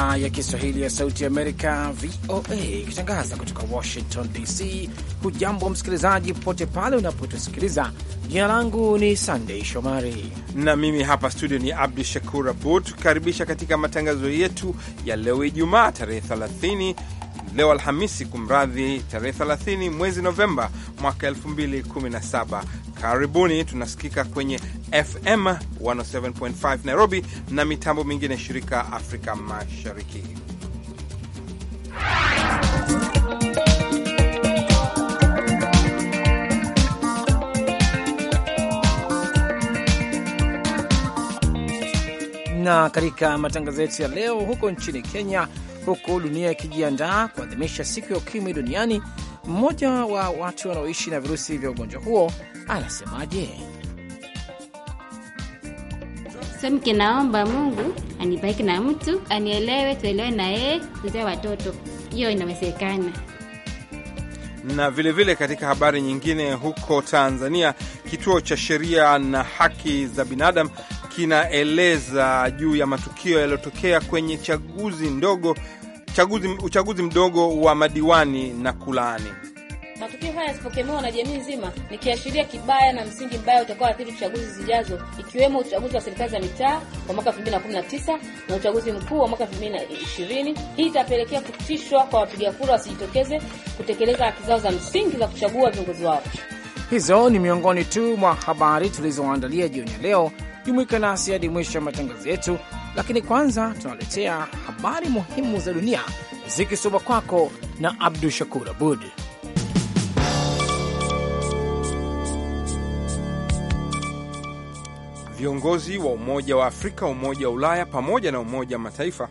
idhaa ya Kiswahili ya Sauti Amerika, VOA, ikitangaza kutoka Washington DC. Hujambo msikilizaji, popote pale unapotusikiliza. Jina langu ni Sandei Shomari na mimi hapa studio ni Abdu Shakur Abud, tukaribisha katika matangazo yetu ya leo Ijumaa tarehe 30 leo Alhamisi, kumradhi, tarehe 30 mwezi Novemba mwaka 2017. Karibuni, tunasikika kwenye FM 107.5 Nairobi na mitambo mingine shirika Afrika Mashariki. Na katika matangazo yetu ya leo, huko nchini Kenya, huku dunia ikijiandaa kuadhimisha siku ya ukimwi duniani mmoja wa watu wanaoishi na virusi vya ugonjwa huo anasemaje? Samke, naomba Mungu anibaiki na mtu anielewe, tuelewe na yeye, tuzae watoto. Hiyo inawezekana. Na vilevile vile katika habari nyingine, huko Tanzania, kituo cha sheria na haki za binadamu kinaeleza juu ya matukio yaliyotokea kwenye chaguzi ndogo chaguzi, uchaguzi mdogo wa madiwani na kulaani matukio haya yasipokemewa na jamii nzima ni kiashiria kibaya na msingi mbaya athiri chaguzi zijazo ikiwemo uchaguzi wa serikali za mitaa wa mwaka 2019 na uchaguzi mkuu wa mwaka 2020. Hii itapelekea kutishwa kwa wapiga kura wasijitokeze kutekeleza haki zao za msingi za kuchagua viongozi wao. Hizo ni miongoni tu mwa habari tulizoandalia jioni ya leo. Jumuika nasi hadi mwisho ya matangazo yetu lakini kwanza tunaletea habari muhimu za dunia zikisoma kwako na Abdu Shakur Abud. Viongozi wa Umoja wa Afrika, Umoja wa Ulaya pamoja na Umoja wa Mataifa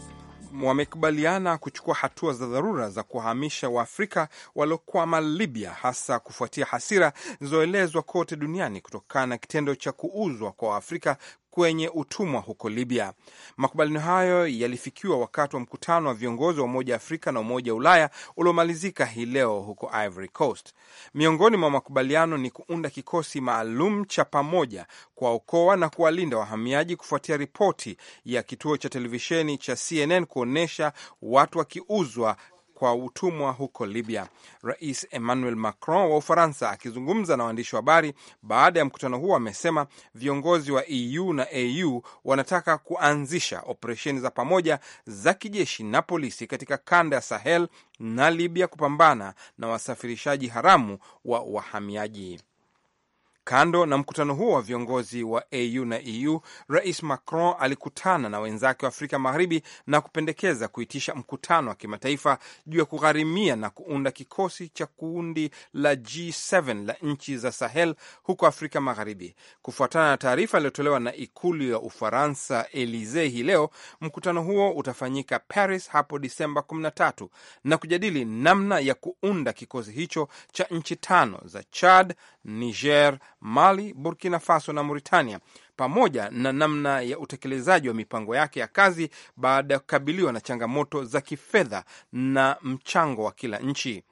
wamekubaliana kuchukua hatua za dharura za kuwahamisha Waafrika waliokwama Libya, hasa kufuatia hasira zilizoelezwa kote duniani kutokana na kitendo cha kuuzwa kwa Waafrika kwenye utumwa huko Libya. Makubaliano hayo yalifikiwa wakati wa mkutano wa viongozi wa Umoja wa Afrika na Umoja wa Ulaya uliomalizika hii leo huko Ivory Coast. Miongoni mwa makubaliano ni kuunda kikosi maalum cha pamoja kuwaokoa na kuwalinda wahamiaji kufuatia ripoti ya kituo cha televisheni cha CNN kuonyesha watu wakiuzwa kwa utumwa huko Libya. Rais Emmanuel Macron wa Ufaransa akizungumza na waandishi wa habari baada ya mkutano huo amesema viongozi wa EU na AU wanataka kuanzisha operesheni za pamoja za kijeshi na polisi katika kanda ya Sahel na Libya kupambana na wasafirishaji haramu wa wahamiaji. Kando na mkutano huo wa viongozi wa AU na EU, Rais Macron alikutana na wenzake wa Afrika Magharibi na kupendekeza kuitisha mkutano wa kimataifa juu ya kugharimia na kuunda kikosi cha kundi la G7 la nchi za Sahel huko Afrika Magharibi. Kufuatana na taarifa iliyotolewa na ikulu ya Ufaransa Elisee hii leo, mkutano huo utafanyika Paris hapo Disemba 13 na kujadili namna ya kuunda kikosi hicho cha nchi tano za Chad, Niger, Mali, Burkina Faso na Mauritania, pamoja na namna ya utekelezaji wa mipango yake ya kazi baada ya kukabiliwa na changamoto za kifedha na mchango wa kila nchi.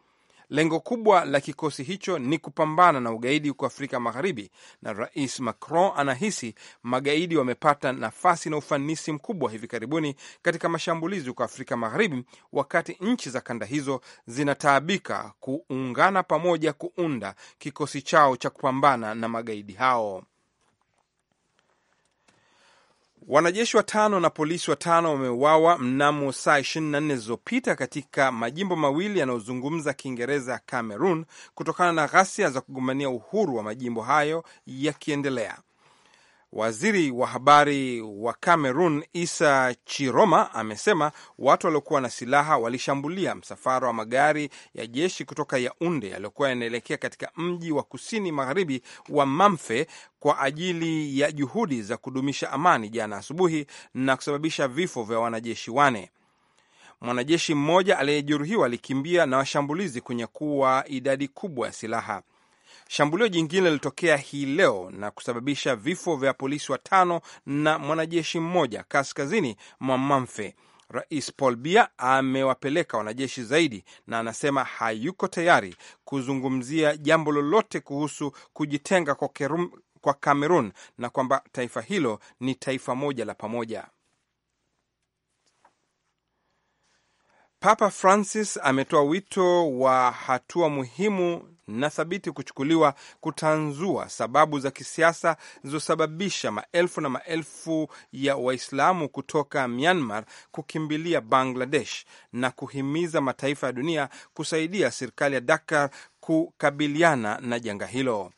Lengo kubwa la kikosi hicho ni kupambana na ugaidi huko Afrika Magharibi, na Rais Macron anahisi magaidi wamepata nafasi na ufanisi mkubwa hivi karibuni katika mashambulizi huko Afrika Magharibi, wakati nchi za kanda hizo zinataabika kuungana pamoja kuunda kikosi chao cha kupambana na magaidi hao. Wanajeshi watano na polisi watano wameuawa mnamo saa 24 zilizopita katika majimbo mawili yanayozungumza Kiingereza ya Cameroon kutokana na ghasia za kugombania uhuru wa majimbo hayo yakiendelea. Waziri wa habari wa Cameroon Isa Chiroma amesema watu waliokuwa na silaha walishambulia msafara wa magari ya jeshi kutoka Yaunde yaliyokuwa yanaelekea katika mji wa kusini magharibi wa Mamfe kwa ajili ya juhudi za kudumisha amani jana asubuhi na kusababisha vifo vya wanajeshi wane. Mwanajeshi mmoja aliyejeruhiwa alikimbia na washambulizi kunyakuwa idadi kubwa ya silaha. Shambulio jingine lilitokea hii leo na kusababisha vifo vya polisi watano na mwanajeshi mmoja kaskazini mwa Mamfe. Rais Paul Bia amewapeleka wanajeshi zaidi na anasema hayuko tayari kuzungumzia jambo lolote kuhusu kujitenga kwa, Kerum, kwa Kamerun na kwamba taifa hilo ni taifa moja la pamoja. Papa Francis ametoa wito wa hatua muhimu na thabiti kuchukuliwa kutanzua sababu za kisiasa zilizosababisha maelfu na maelfu ya Waislamu kutoka Myanmar kukimbilia Bangladesh na kuhimiza mataifa ya dunia kusaidia serikali ya dakar kukabiliana na janga hilo.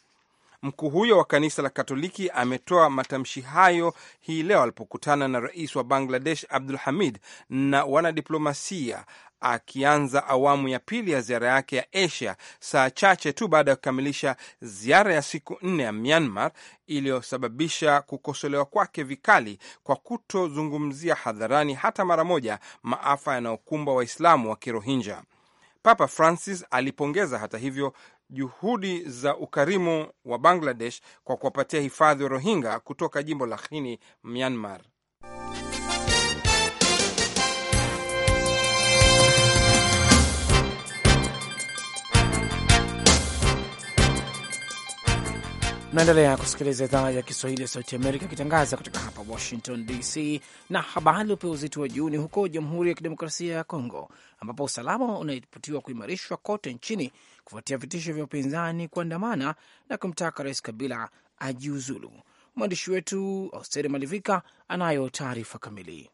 Mkuu huyo wa kanisa la Katoliki ametoa matamshi hayo hii leo alipokutana na rais wa Bangladesh Abdul Hamid na wanadiplomasia akianza awamu ya pili ya ziara yake ya Asia saa chache tu baada ya kukamilisha ziara ya siku nne ya Myanmar iliyosababisha kukosolewa kwake vikali kwa kutozungumzia hadharani hata mara moja maafa yanayokumba Waislamu wa Kirohinja. Papa Francis alipongeza hata hivyo juhudi za ukarimu wa Bangladesh kwa kuwapatia hifadhi wa Rohingya kutoka jimbo la Rakhine, Myanmar. Naendelea kusikiliza idhaa ya Kiswahili ya Sauti Amerika ikitangaza kutoka hapa Washington DC. Na habari iliyopewa uzito wa juu ni huko Jamhuri ya Kidemokrasia ya Kongo, ambapo usalama unaripotiwa kuimarishwa kote nchini kufuatia vitisho vya upinzani kuandamana na kumtaka Rais Kabila ajiuzulu. Mwandishi wetu Austeri Malivika anayo taarifa kamili.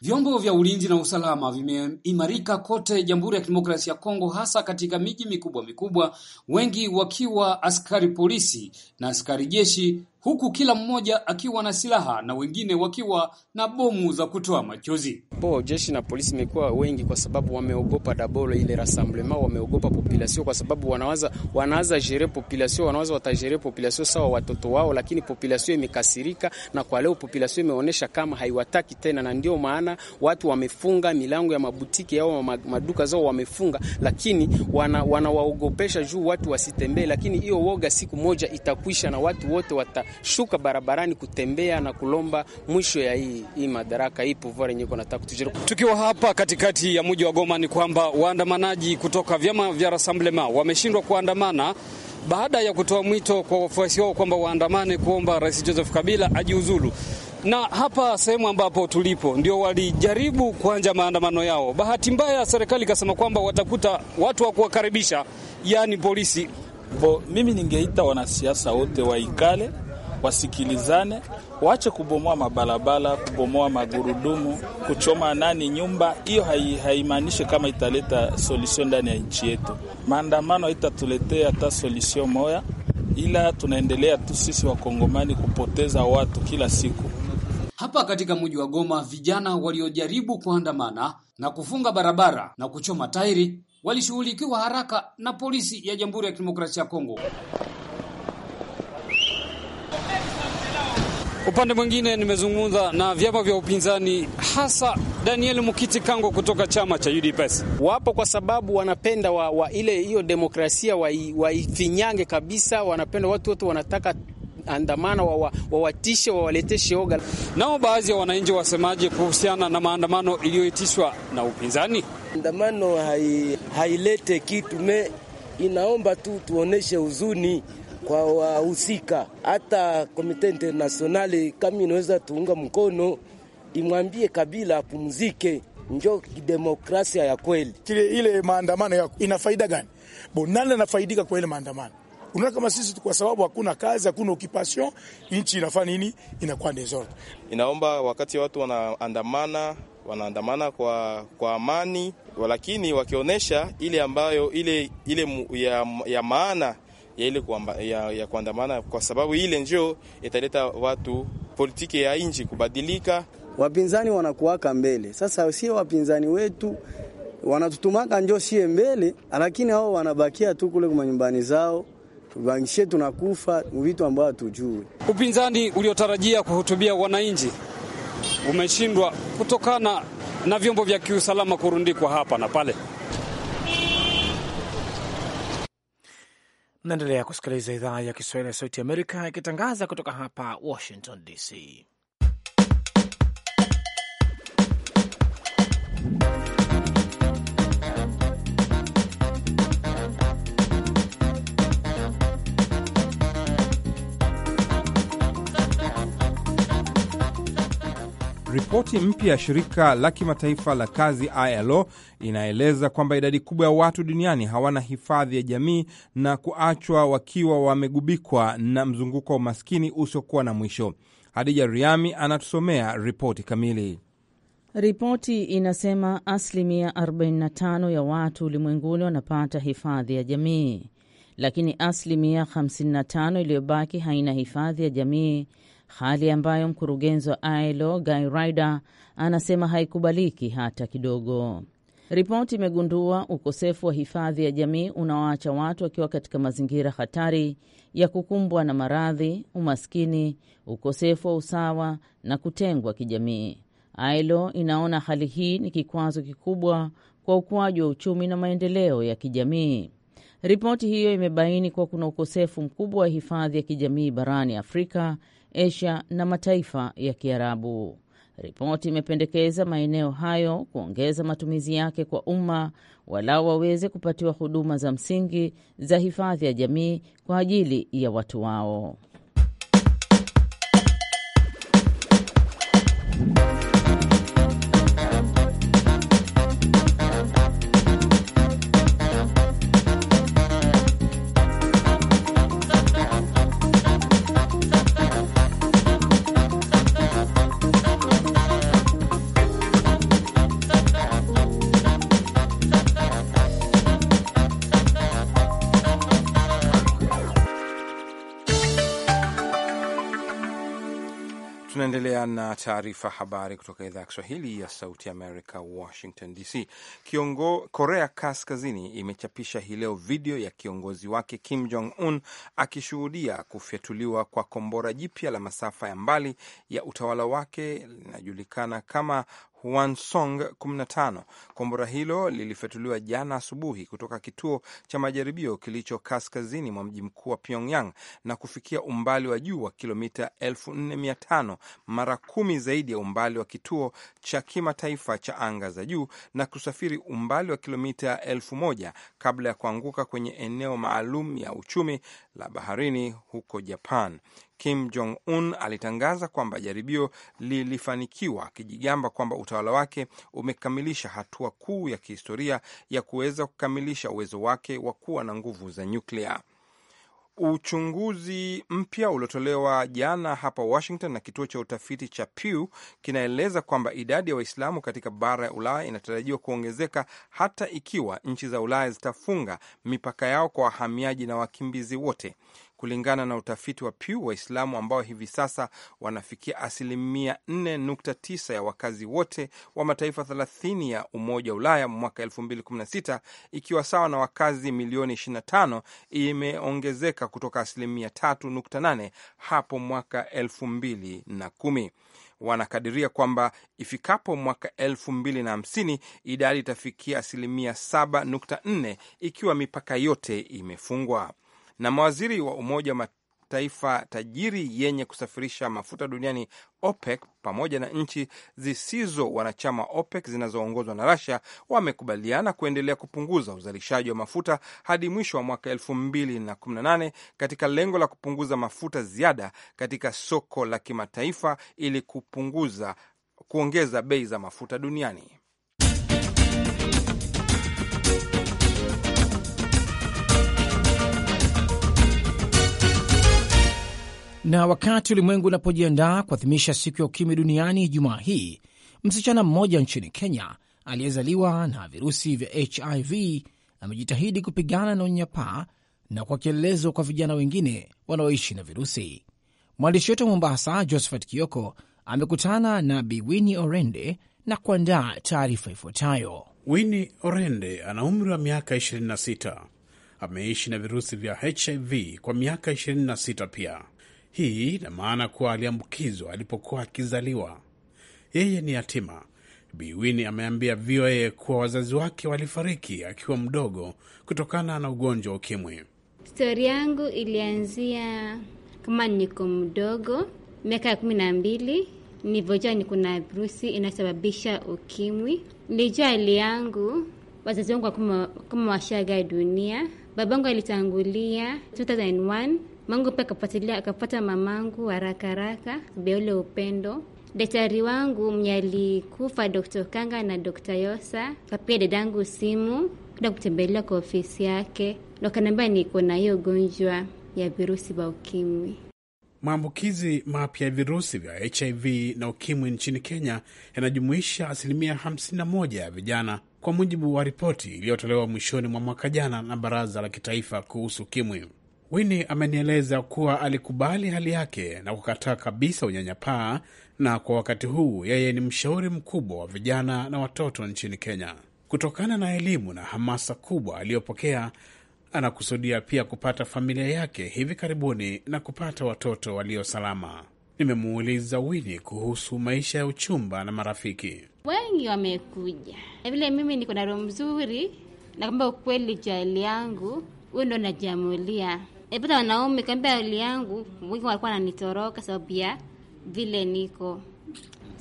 Vyombo vya ulinzi na usalama vimeimarika kote Jamhuri ya Kidemokrasia ya Kongo, hasa katika miji mikubwa mikubwa, wengi wakiwa askari polisi na askari jeshi huku kila mmoja akiwa na silaha na wengine wakiwa na bomu za kutoa machozi. Po jeshi na polisi imekuwa wengi kwa sababu wameogopa dabolo ile rassemblement, wameogopa population kwa sababu wanawaza wanaanza jere population, wanawaza watajere population sawa watoto wao, lakini population imekasirika, na kwa leo population imeonyesha kama haiwataki tena, na ndio maana watu wamefunga milango ya mabutiki yao, maduka zao wamefunga, lakini wanawaogopesha wana juu watu wasitembee, lakini hiyo woga siku moja itakwisha na watu wote wata kushuka barabarani kutembea na kulomba mwisho ya hii hii madaraka hii pouvoir yenyewe kunataka kutujira. Tukiwa hapa katikati ya mji wa Goma, ni kwamba waandamanaji kutoka vyama vya Rassemblement wameshindwa kuandamana baada ya kutoa mwito kwa wafuasi wao kwamba waandamane kuomba Rais Joseph Kabila ajiuzulu na hapa sehemu ambapo tulipo ndio walijaribu kuanja maandamano yao. Bahati mbaya, serikali ikasema kwamba watakuta watu wa kuwakaribisha, yaani polisi. Bo, mimi ningeita wanasiasa wote waikale wasikilizane, waache kubomoa mabarabara, kubomoa magurudumu, kuchoma nani nyumba. Hiyo haimaanishi kama italeta solution ndani ya nchi yetu. Maandamano haitatuletea hata solution moya, ila tunaendelea tu sisi wakongomani kupoteza watu kila siku. Hapa katika mji wa Goma, vijana waliojaribu kuandamana na kufunga barabara na kuchoma tairi walishughulikiwa haraka na polisi ya Jamhuri ya Kidemokrasia ya Kongo. Upande mwingine nimezungumza na vyama vya upinzani hasa Daniel Mukiti Kango kutoka chama cha UDPS. Wapo kwa sababu wanapenda wa, wa ile hiyo demokrasia waifinyange wa kabisa, wanapenda watu wote wanataka andamana wawatishe wa, wa wawaleteshe Nao baadhi ya wananchi wasemaje kuhusiana na maandamano iliyoitishwa na upinzani? Andamano hailete hai kitu me, inaomba tu tuoneshe huzuni kwa wahusika, hata komite internasionali kama inaweza tuunga mkono, imwambie Kabila apumzike, njo kidemokrasia ya kweli. Kile ile maandamano yako ina faida gani? Bo, nani anafaidika kwa ile maandamano? Unaona, kama sisi kwa sababu hakuna kazi, hakuna okupation, nchi inafanya nini? Inakuwa desordre. Inaomba wakati watu wanaandamana wanaandamana kwa, kwa amani, lakini wakionyesha ile ambayo ile, ile ya, ya maana ya ile ya, ya kuandamana, kwa sababu ile njio italeta watu politiki ya nchi kubadilika. Wapinzani wanakuwaka mbele sasa, sio wapinzani wetu wanatutumaka njo sie mbele, lakini hao wanabakia tu kule kwa nyumbani zao bangishie tunakufa vitu ambavyo hatujui. Upinzani uliotarajia kuhutubia wananchi umeshindwa kutokana na vyombo vya kiusalama kurundikwa hapa na pale. Mnaendelea kusikiliza idhaa ya Kiswahili ya Sauti Amerika ikitangaza kutoka hapa Washington DC. Ripoti mpya ya shirika la kimataifa la kazi ILO inaeleza kwamba idadi kubwa ya watu duniani hawana hifadhi ya jamii na kuachwa wakiwa wamegubikwa na mzunguko wa umaskini usiokuwa na mwisho. Hadija Riami anatusomea ripoti kamili. Ripoti inasema asilimia 45 ya watu ulimwenguni wanapata hifadhi ya jamii, lakini asilimia 55 iliyobaki haina hifadhi ya jamii hali ambayo mkurugenzi wa ILO Guy Ryder anasema haikubaliki hata kidogo. Ripoti imegundua ukosefu wa hifadhi ya jamii unawaacha watu wakiwa katika mazingira hatari ya kukumbwa na maradhi, umaskini, ukosefu wa usawa na kutengwa kijamii. ILO inaona hali hii ni kikwazo kikubwa kwa ukuaji wa uchumi na maendeleo ya kijamii. Ripoti hiyo imebaini kuwa kuna ukosefu mkubwa wa hifadhi ya kijamii barani Afrika Asia na mataifa ya Kiarabu. Ripoti imependekeza maeneo hayo kuongeza matumizi yake kwa umma, walau waweze kupatiwa huduma za msingi za hifadhi ya jamii kwa ajili ya watu wao. taarifa habari kutoka idhaa ya Kiswahili ya Sauti Amerika, Washington DC. Kiongo, Korea Kaskazini imechapisha hii leo video ya kiongozi wake Kim Jong Un akishuhudia kufyatuliwa kwa kombora jipya la masafa ya mbali ya utawala wake linajulikana kama Hwansong 15. Kombora hilo lilifyatuliwa jana asubuhi kutoka kituo cha majaribio kilicho kaskazini mwa mji mkuu wa Pyongyang na kufikia umbali wa juu wa kilomita 1450 mara kumi zaidi ya umbali wa kituo cha kimataifa cha anga za juu, na kusafiri umbali wa kilomita 1000 kabla ya kuanguka kwenye eneo maalum ya uchumi la baharini huko Japan. Kim Jong Un alitangaza kwamba jaribio lilifanikiwa, akijigamba kwamba utawala wake umekamilisha hatua kuu ya kihistoria ya kuweza kukamilisha uwezo wake wa kuwa na nguvu za nyuklia. Uchunguzi mpya uliotolewa jana hapa Washington na kituo cha utafiti cha Pew kinaeleza kwamba idadi ya Waislamu katika bara ya Ulaya inatarajiwa kuongezeka hata ikiwa nchi za Ulaya zitafunga mipaka yao kwa wahamiaji na wakimbizi wote kulingana na utafiti wa Pew. Waislamu ambao hivi sasa wanafikia asilimia 4.9 ya wakazi wote wa mataifa 30 ya Umoja wa Ulaya mwaka 2016 ikiwa sawa na wakazi milioni 25, imeongezeka kutoka asilimia 3.8 hapo mwaka 2010. Wanakadiria kwamba ifikapo mwaka elfu mbili na hamsini idadi itafikia asilimia saba nukta nne ikiwa mipaka yote imefungwa na mawaziri wa Umoja wa Mataifa tajiri yenye kusafirisha mafuta duniani OPEC pamoja na nchi zisizo wanachama OPEC zinazoongozwa na Russia wamekubaliana kuendelea kupunguza uzalishaji wa mafuta hadi mwisho wa mwaka 2018 katika lengo la kupunguza mafuta ziada katika soko la kimataifa ili kupunguza kuongeza bei za mafuta duniani. Na wakati ulimwengu unapojiandaa kuadhimisha siku ya ukimwi duniani Jumaa hii, msichana mmoja nchini Kenya aliyezaliwa na virusi vya HIV amejitahidi kupigana na unyanyapaa na kwa kielelezo kwa vijana wengine wanaoishi na virusi. Mwandishi wetu wa Mombasa, Josephat Kioko, amekutana na Biwini Orende na kuandaa taarifa ifuatayo. Wini Orende ana umri wa miaka 26. Ameishi na virusi vya HIV kwa miaka 26 pia. Hii ina maana kuwa aliambukizwa alipokuwa akizaliwa. Yeye ni yatima. Biwini ameambia VOA kuwa wazazi wake walifariki akiwa mdogo kutokana na ugonjwa wa ukimwi. Stori yangu ilianzia kama niko mdogo, miaka ya kumi na mbili nilivyojua niko na virusi inasababisha ukimwi. Nilijua hali yangu, wazazi wangu kama washaga dunia. Babangu alitangulia 2001 Mungu pia akafuatilia akapata mamangu haraka haraka vya ule upendo. Daktari wangu mwenye alikufa Dr. Kanga na Dr. Yosa kapiga dadangu simu kuenda kutembelea kwa ofisi yake, ndo kaniambia niko na hiyo gonjwa ya virusi vya ukimwi. Maambukizi mapya ya virusi vya HIV na ukimwi nchini Kenya yanajumuisha asilimia 51 ya vijana kwa mujibu wa ripoti iliyotolewa mwishoni mwa mwaka jana na Baraza la Kitaifa kuhusu Ukimwi. Wini amenieleza kuwa alikubali hali yake na kukataa kabisa unyanyapaa, na kwa wakati huu yeye ni mshauri mkubwa wa vijana na watoto nchini Kenya. Kutokana na elimu na hamasa kubwa aliyopokea, anakusudia pia kupata familia yake hivi karibuni na kupata watoto walio salama. Nimemuuliza wini kuhusu maisha ya uchumba na marafiki. Wengi wamekuja na vile mimi niko na roho mzuri, na kwamba ukweli jali yangu huyu ndo najamulia nilipata wanaume, kaambia hali yangu, wengi walikuwa wananitoroka sababu ya vile niko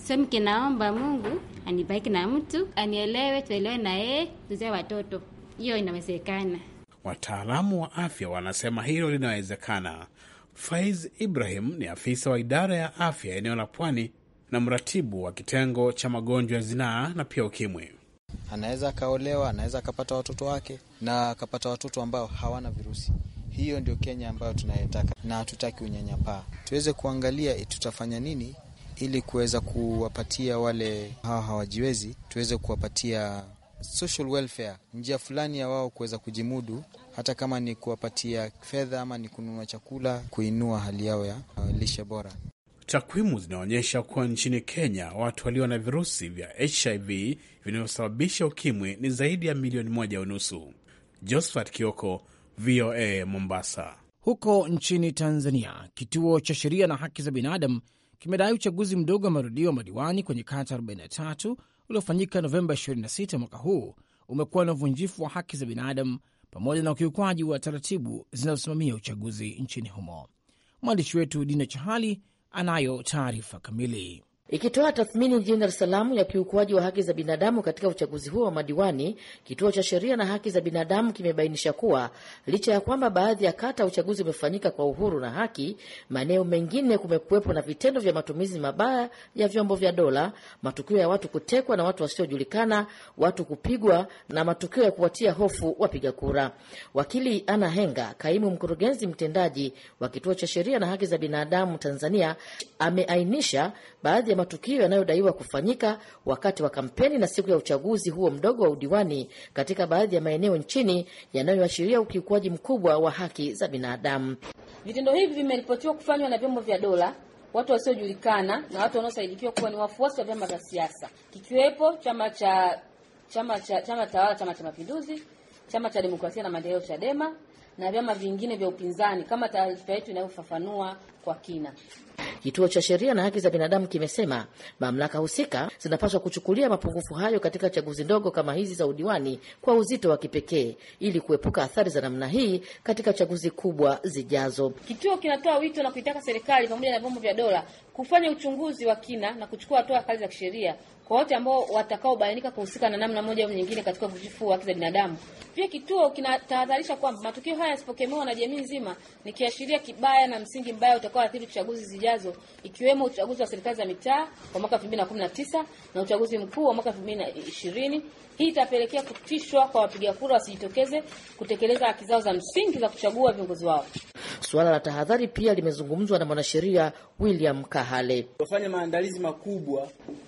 so mke, naomba Mungu anibariki na mtu anielewe, tuelewe na yeye tuzae watoto. Hiyo inawezekana. Wataalamu wa afya wanasema hilo linawezekana. Faiz Ibrahim ni afisa wa idara ya afya eneo la Pwani na mratibu wa kitengo cha magonjwa ya zinaa na pia ukimwi. Anaweza akaolewa, anaweza akapata watoto wake na akapata watoto ambao hawana virusi hiyo ndio Kenya ambayo tunayotaka, na hatutaki unyanyapaa. Tuweze kuangalia eh, tutafanya nini ili kuweza kuwapatia wale hawa hawajiwezi, tuweze kuwapatia social welfare, njia fulani ya wao kuweza kujimudu, hata kama ni kuwapatia fedha ama ni kununua chakula, kuinua hali yao ya uh, lishe bora. Takwimu zinaonyesha kuwa nchini Kenya watu walio na virusi vya HIV vinavyosababisha ukimwi ni zaidi ya milioni moja unusu. Josephat Kioko, VOA Mombasa. Huko nchini Tanzania, kituo cha sheria na haki za binadamu kimedai uchaguzi mdogo wa marudio wa madiwani kwenye kata 43 uliofanyika Novemba 26 mwaka huu umekuwa na uvunjifu wa haki za binadamu pamoja na ukiukwaji wa taratibu zinazosimamia uchaguzi nchini humo. Mwandishi wetu Dina Chahali anayo taarifa kamili. Ikitoa tathmini jijini Dar es Salaam ya kiukuaji wa haki za binadamu katika uchaguzi huo wa madiwani, kituo cha sheria na haki za binadamu kimebainisha kuwa licha ya kwamba baadhi ya kata uchaguzi umefanyika kwa uhuru na haki, maeneo mengine kumekuwepo na vitendo vya matumizi mabaya ya vyombo vya dola, matukio ya watu kutekwa na watu wasiojulikana, watu kupigwa na matukio ya kuwatia hofu wapiga kura. Wakili Ana Henga, kaimu mkurugenzi mtendaji wa kituo cha sheria na haki za binadamu Tanzania, ameainisha baadhi ya matukio yanayodaiwa kufanyika wakati wa kampeni na siku ya uchaguzi huo mdogo wa udiwani katika baadhi ya maeneo nchini yanayoashiria ukiukwaji mkubwa wa haki za binadamu. Vitendo hivi vimeripotiwa kufanywa na vyombo vya dola, watu wasiojulikana na watu wanaosaidikiwa kuwa ni wafuasi wa vyama vya siasa, kikiwepo chama cha chama cha chama tawala, Chama cha Mapinduzi, Chama cha Demokrasia na Maendeleo, Chadema, na vyama vingine vya upinzani kama taarifa yetu inavyofafanua kwa kina. Kituo cha Sheria na Haki za Binadamu kimesema mamlaka husika zinapaswa kuchukulia mapungufu hayo katika chaguzi ndogo kama hizi za udiwani kwa uzito wa kipekee ili kuepuka athari za namna hii katika chaguzi kubwa zijazo. Kituo kinatoa wito na kuitaka serikali pamoja na vyombo vya dola kufanya uchunguzi wa kina na kuchukua hatua kali za kisheria kwa wote ambao watakaobainika kuhusika na namna moja au nyingine katika uvunjifu wa haki za binadamu. Pia kituo kinatahadharisha kwamba matukio haya yasipokemewa na jamii nzima ni kiashiria kibaya na msingi mbaya utakaoathiri chaguzi zijazo ikiwemo uchaguzi wa serikali za mitaa wa mwaka 2019 na uchaguzi mkuu wa mwaka 2020. Hii itapelekea kutishwa kwa wapiga kura wasijitokeze kutekeleza haki zao za msingi za kuchagua viongozi wao. Suala la tahadhari pia limezungumzwa na mwanasheria William Kahale. Tufanye maandalizi makubwa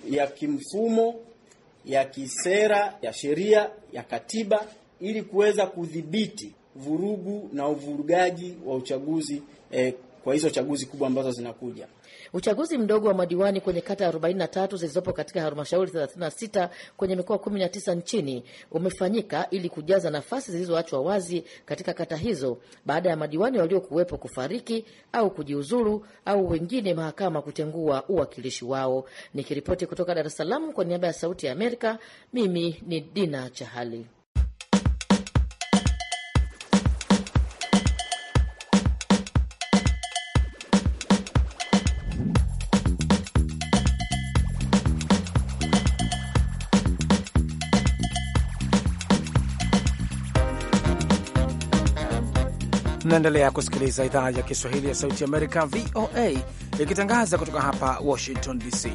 ya kimfumo, ya kisera, ya sheria, ya katiba ili kuweza kudhibiti vurugu na uvurugaji wa uchaguzi eh, kwa hizo chaguzi kubwa ambazo zinakuja. Uchaguzi mdogo wa madiwani kwenye kata 43 zilizopo katika halmashauri 36 kwenye mikoa 19 nchini umefanyika ili kujaza nafasi zilizoachwa wazi katika kata hizo baada ya madiwani waliokuwepo kufariki au kujiuzulu au wengine mahakama kutengua uwakilishi wao. Nikiripoti kutoka Dar es Salaam kwa niaba ya Sauti ya Amerika, mimi ni Dina Chahali. Unaendelea kusikiliza idhaa ya Kiswahili ya Sauti Amerika, VOA, ikitangaza kutoka hapa Washington DC.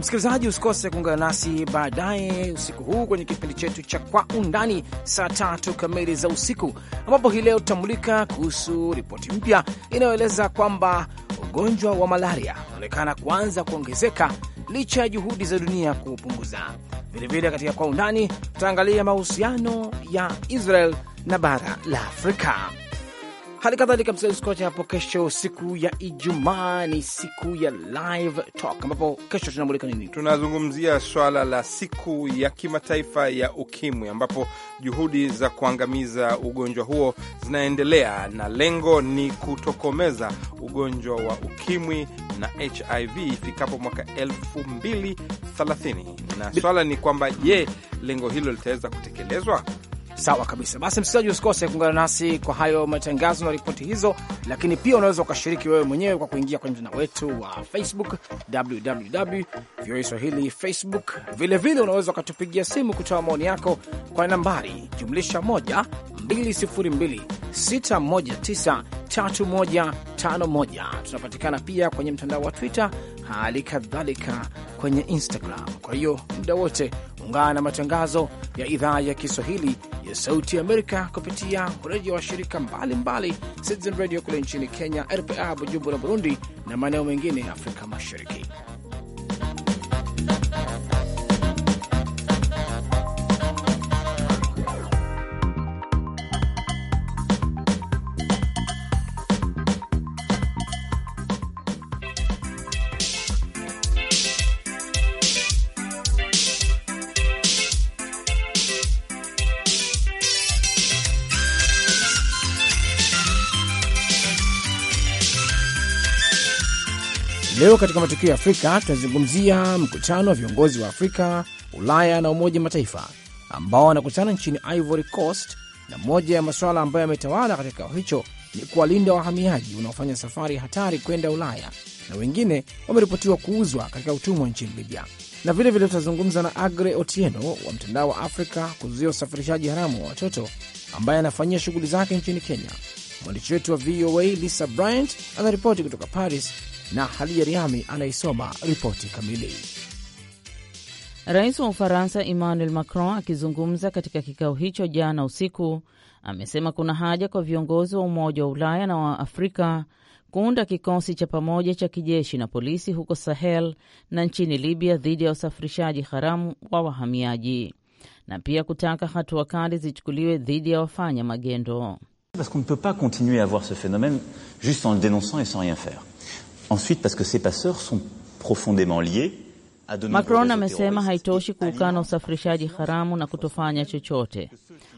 Msikilizaji, usikose kuungana nasi baadaye usiku huu kwenye kipindi chetu cha Kwa Undani saa tatu kamili za usiku, ambapo hii leo tutamulika kuhusu ripoti mpya inayoeleza kwamba ugonjwa wa malaria unaonekana kuanza kuongezeka licha ya juhudi za dunia kuupunguza. Vilevile katika Kwa Undani tutaangalia mahusiano ya Israel na bara la Afrika. Hali kadhalika msikilizaji, usikose hapo kesho, siku ya Ijumaa ni siku ya live talk, ambapo kesho tunamulika nini? Tunazungumzia swala la siku ya kimataifa ya ukimwi, ambapo juhudi za kuangamiza ugonjwa huo zinaendelea na lengo ni kutokomeza ugonjwa wa ukimwi na HIV ifikapo mwaka 2030 na swala ni kwamba je, lengo hilo litaweza kutekelezwa? Sawa kabisa. Basi msikilizaji, usikose kuungana nasi kwa hayo matangazo na ripoti hizo, lakini pia unaweza ukashiriki wewe mwenyewe kwa kuingia kwenye mtandao wetu wa Facebook, www VOA Swahili Facebook. Vilevile unaweza ukatupigia simu kutoa maoni yako kwa nambari jumlisha 1 Tunapatikana pia kwenye mtandao wa Twitter, hali kadhalika kwenye Instagram. Kwa hiyo muda wote ungana na matangazo ya idhaa ya Kiswahili ya Sauti Amerika kupitia redio washirika mbalimbali, Citizen Radio kule nchini Kenya, RPA Bujumbura Burundi, na maeneo mengine ya Afrika Mashariki. Leo katika matukio ya Afrika tunazungumzia mkutano wa viongozi wa Afrika, Ulaya na Umoja Mataifa ambao wanakutana nchini Ivory Coast, na moja ya masuala ambayo yametawala katika kikao hicho ni kuwalinda wahamiaji wanaofanya safari hatari kwenda Ulaya, na wengine wameripotiwa kuuzwa katika utumwa nchini Libya. Na vilevile tutazungumza na Agre Otieno wa mtandao wa Afrika kuzuia usafirishaji haramu wa watoto ambaye anafanyia shughuli zake nchini Kenya. Mwandishi wetu wa VOA Lisa Bryant anaripoti kutoka Paris na Hadia Riami anayesoma ripoti kamili. Rais wa Ufaransa Emmanuel Macron akizungumza katika kikao hicho jana usiku amesema kuna haja kwa viongozi wa Umoja wa Ulaya na wa Afrika kuunda kikosi cha pamoja cha kijeshi na polisi huko Sahel na nchini Libya dhidi ya usafirishaji haramu wa wahamiaji na pia kutaka hatua kali zichukuliwe dhidi ya wafanya magendo. Parce qu'on ne peut pas continuer à voir ce phénomène juste en le dénonçant et sans rien faire. Ensuite, parce que ces passeurs sont profondément liés de Macron amesema haitoshi kuukana usafirishaji haramu na kutofanya chochote.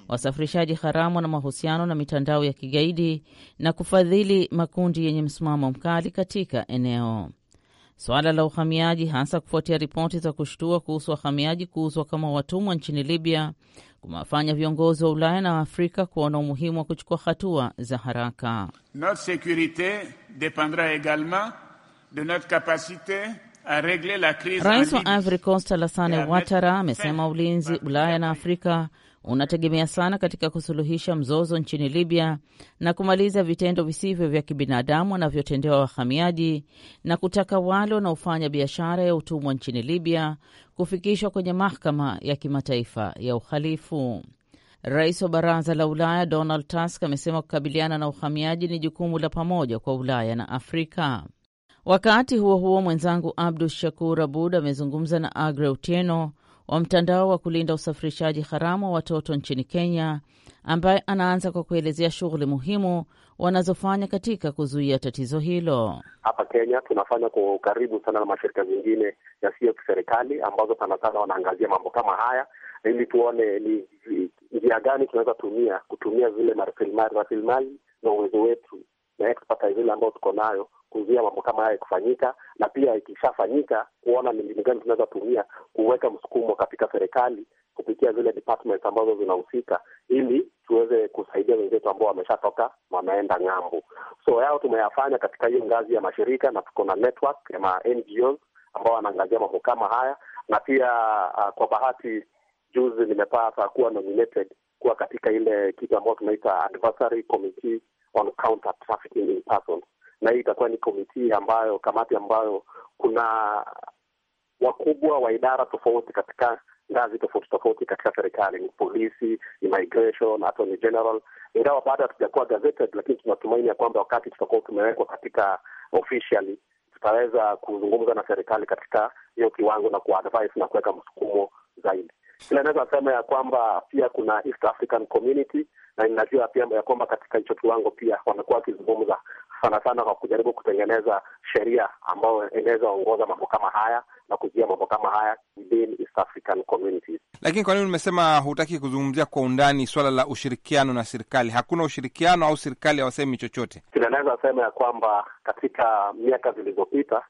Wasafirishaji haramu na mahusiano na mitandao ya kigaidi na kufadhili makundi yenye msimamo mkali katika eneo. Suala la uhamiaji, hasa kufuatia ripoti za kushtua kuhusu wahamiaji kuuzwa kama watumwa nchini Libya, kumewafanya viongozi wa Ulaya na Afrika kuona umuhimu wa kuchukua hatua za haraka dépendra également de notre capacité à régler la crise. Rais wa Ivory Coast Alassane Ouattara amesema ulinzi Ulaya na Afrika unategemea sana katika kusuluhisha mzozo nchini Libya na kumaliza vitendo visivyo vya kibinadamu wanavyotendewa wahamiaji na kutaka wale wanaofanya biashara ya utumwa nchini Libya kufikishwa kwenye mahakama ya kimataifa ya uhalifu. Rais wa Baraza la Ulaya Donald Tusk amesema kukabiliana na uhamiaji ni jukumu la pamoja kwa Ulaya na Afrika. Wakati huo huo, mwenzangu Abdu Shakur Abud amezungumza na Agre Utieno wa mtandao wa kulinda usafirishaji haramu wa watoto nchini Kenya, ambaye anaanza kwa kuelezea shughuli muhimu wanazofanya katika kuzuia tatizo hilo. Hapa Kenya tunafanya kwa ukaribu sana na mashirika mengine yasiyo kiserikali ambazo sana sana wanaangazia mambo kama haya, ili tuone ni njia gani tunaweza tumia kutumia zile rasilimali rasilimali na uwezo wetu na expertise ile ambayo tuko nayo kuzuia mambo kama haya kufanyika, na pia ikishafanyika kuona ni mbinu gani tunaweza tumia kuweka msukumo katika serikali kupitia zile departments ambazo zinahusika, ili tuweze kusaidia wenzetu ambao wameshatoka wameenda ng'ambo. So yao tumeyafanya katika hiyo ngazi ya mashirika, na tuko na network ya ma NGOs ambao wanaangazia mambo kama haya, na pia uh, kwa bahati juzi nimepata kuwa nominated kuwa katika ile kitu ambayo tunaita adversary committee on counter trafficking in persons, na hii itakuwa ni committee ambayo, kamati ambayo kuna wakubwa wa idara tofauti katika ngazi tofauti tofauti katika serikali, ni polisi, immigration, attorney general. Ingawa baada hatujakuwa gazetted, lakini tunatumaini ya kwamba wakati tutakuwa tumewekwa katika officially, tutaweza kuzungumza na serikali katika hiyo kiwango na kuadvise na kuweka msukumo zaidi ila naweza sema ya kwamba pia kuna East African Community na inajua pia ya kwamba katika hicho kiwango pia wamekuwa wakizungumza sana sana kwa kujaribu kutengeneza sheria ambayo inaweza ongoza mambo kama haya na kuzuia mambo kama haya within East African Community. Lakini kwa nini umesema hutaki kuzungumzia kwa undani swala la ushirikiano na serikali? Hakuna ushirikiano au serikali hawasemi chochote? Tunaweza sema ya kwamba katika miaka zilizopita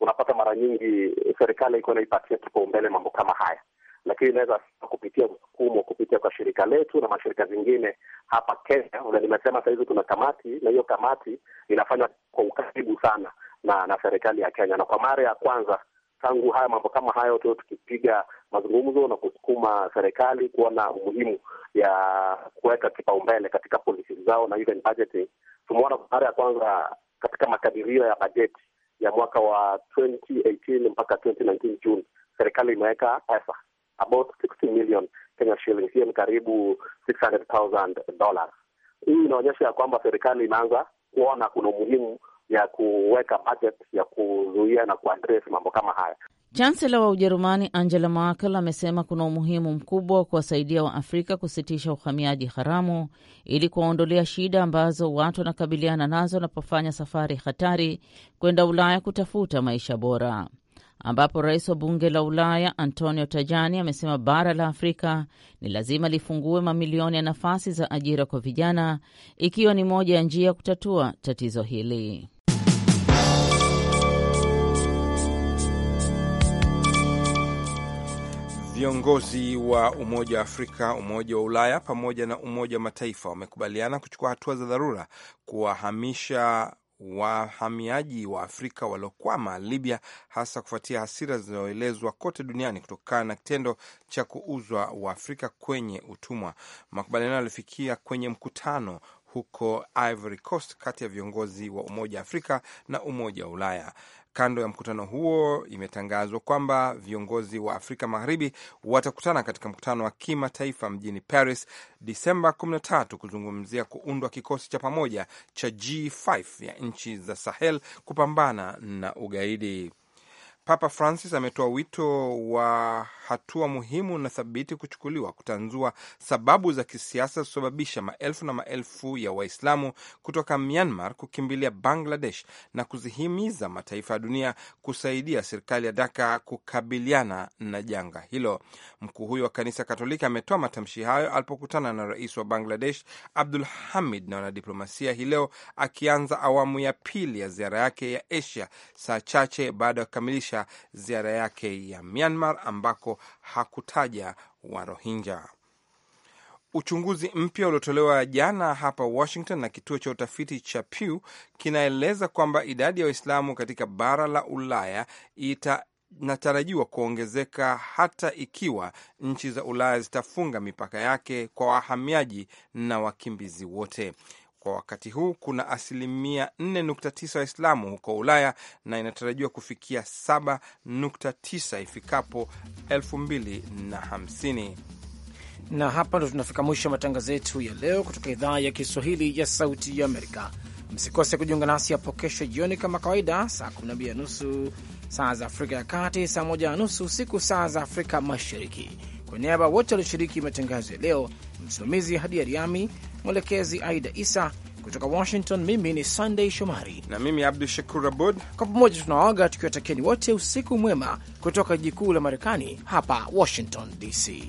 unapata mara nyingi serikali iko inaipatia kipaumbele mambo kama haya lakini inaweza kupitia msukumo, kupitia kwa shirika letu na mashirika zingine hapa Kenya. Nimesema sahizi tuna kamati, na hiyo kamati inafanywa kwa ukaribu sana na na serikali ya Kenya, na kwa mara ya kwanza tangu haya mambo kama hayo tu tukipiga mazungumzo na kusukuma serikali kuona umuhimu ya kuweka kipaumbele katika polisi zao na even budgeting. Tumeona kwa mara ya kwanza katika makadirio ya bajeti ya mwaka wa 2018 mpaka 2019 June, serikali imeweka pesa about 60 million Kenya shillings. Hiyo ni karibu 600,000 dollars. Hii inaonyesha ya kwamba serikali inaanza kuona kuna umuhimu ya kuweka budget ya kuzuia na kuaddress mambo kama haya. Chancellor wa Ujerumani Angela Merkel amesema kuna umuhimu mkubwa wa kuwasaidia Waafrika kusitisha uhamiaji haramu ili kuwaondolea shida ambazo watu wanakabiliana nazo wanapofanya safari hatari kwenda Ulaya kutafuta maisha bora ambapo rais wa bunge la Ulaya Antonio Tajani amesema bara la Afrika ni lazima lifungue mamilioni ya nafasi za ajira kwa vijana, ikiwa ni moja ya njia ya kutatua tatizo hili. Viongozi wa Umoja wa Afrika, Umoja wa Ulaya pamoja na Umoja wa Mataifa wamekubaliana kuchukua hatua za dharura kuwahamisha wahamiaji wa Afrika waliokwama Libya, hasa kufuatia hasira zinazoelezwa kote duniani kutokana na kitendo cha kuuzwa wa afrika kwenye utumwa. Makubaliano yalifikia kwenye mkutano huko Ivory Coast kati ya viongozi wa Umoja wa Afrika na Umoja wa Ulaya. Kando ya mkutano huo, imetangazwa kwamba viongozi wa Afrika Magharibi watakutana katika mkutano wa kimataifa mjini Paris Disemba 13 kuzungumzia kuundwa kikosi cha pamoja cha G5 ya nchi za Sahel kupambana na ugaidi. Papa Francis ametoa wito wa hatua muhimu na thabiti kuchukuliwa kutanzua sababu za kisiasa kusababisha maelfu na maelfu ya Waislamu kutoka Myanmar kukimbilia Bangladesh na kuzihimiza mataifa ya dunia kusaidia serikali ya Dhaka kukabiliana na janga hilo. Mkuu huyo wa kanisa Katoliki ametoa matamshi hayo alipokutana na rais wa Bangladesh Abdul Hamid na wanadiplomasia hii leo, akianza awamu ya pili ya ziara yake ya Asia saa chache baada ya kukamilisha kukamilisha ziara yake ya Myanmar ambako hakutaja warohinja Uchunguzi mpya uliotolewa jana hapa Washington na kituo cha utafiti cha Pew kinaeleza kwamba idadi ya Waislamu katika bara la Ulaya inatarajiwa kuongezeka hata ikiwa nchi za Ulaya zitafunga mipaka yake kwa wahamiaji na wakimbizi wote. Kwa wakati huu kuna asilimia 4.9 Waislamu huko Ulaya na inatarajiwa kufikia 7.9 ifikapo 2050 na hapa ndo tunafika mwisho wa matangazo yetu ya leo kutoka idhaa ya Kiswahili ya Sauti ya Amerika. Msikose kujiunga nasi hapo kesho jioni kama kawaida, saa 12 na nusu saa za Afrika ya Kati, saa 1 na nusu usiku saa za Afrika Mashariki. Kwa niaba wote walioshiriki matangazo ya leo, msimamizi Hadi Ariami, mwelekezi Aida Isa kutoka Washington. Mimi ni sandey Shomari na mimi Abdu Shakur Abud, kwa pamoja tunawaaga tukiwatakieni wote usiku mwema kutoka jiji kuu la Marekani, hapa Washington DC.